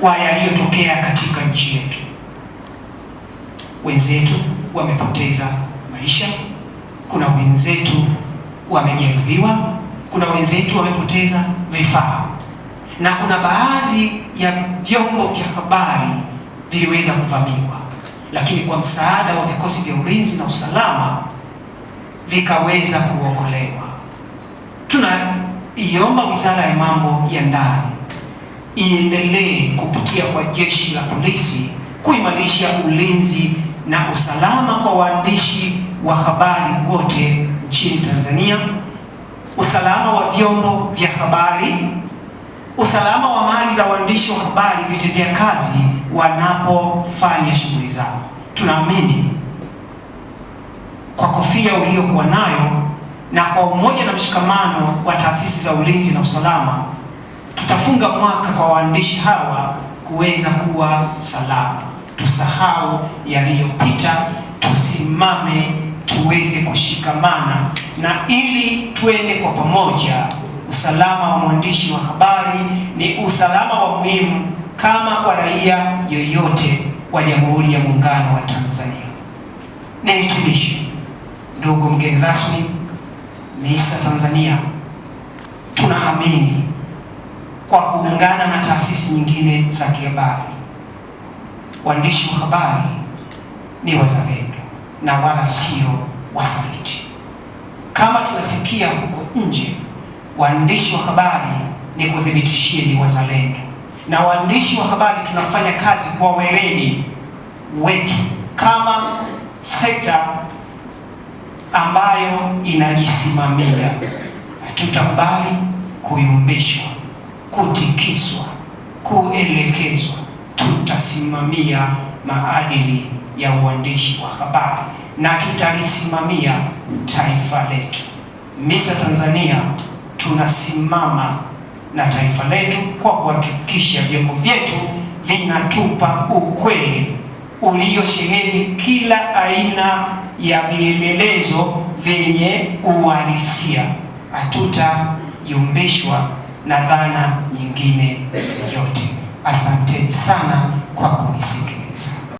kwa yaliyotokea katika nchi yetu. Wenzetu wamepoteza maisha, kuna wenzetu wamejeruhiwa, kuna wenzetu wamepoteza vifaa, na kuna baadhi ya vyombo vya habari viliweza kuvamiwa, lakini kwa msaada wa vikosi vya ulinzi na usalama vikaweza kuokolewa. Tunaiomba Wizara ya Mambo ya Ndani iendelee kupitia kwa jeshi la polisi kuimarisha ulinzi na usalama kwa waandishi wa habari wote nchini Tanzania, usalama wa vyombo vya habari, usalama wa mali za waandishi wa habari vitendea kazi wanapofanya shughuli zao. Tunaamini kwa kofia uliyokuwa nayo na kwa umoja na mshikamano wa taasisi za ulinzi na usalama Tutafunga mwaka kwa waandishi hawa kuweza kuwa salama. Tusahau yaliyopita, tusimame, tuweze kushikamana na ili twende kwa pamoja. Usalama wa mwandishi wa habari ni usalama wa muhimu kama kwa raia yoyote wa Jamhuri ya Muungano wa Tanzania. Nihitimishe, ndugu mgeni rasmi, MISA Tanzania tunaamini kwa kuungana na taasisi nyingine za kihabari. Waandishi wa habari ni wazalendo na wala sio wasaliti, kama tunasikia huko nje. Waandishi wa habari ni kuthibitishie ni wazalendo, na waandishi wa habari tunafanya kazi kwa weledi wetu kama sekta ambayo inajisimamia. Hatutakubali kuyumbishwa kutikiswa, kuelekezwa, tutasimamia maadili ya uandishi wa habari na tutalisimamia taifa letu. MISA Tanzania tunasimama na taifa letu kwa kuhakikisha vyombo vyetu vinatupa ukweli uliosheheni kila aina ya vielelezo vyenye uhalisia. Hatutayumbishwa na dhana nyingine yote. Asanteni sana kwa kunisikiliza.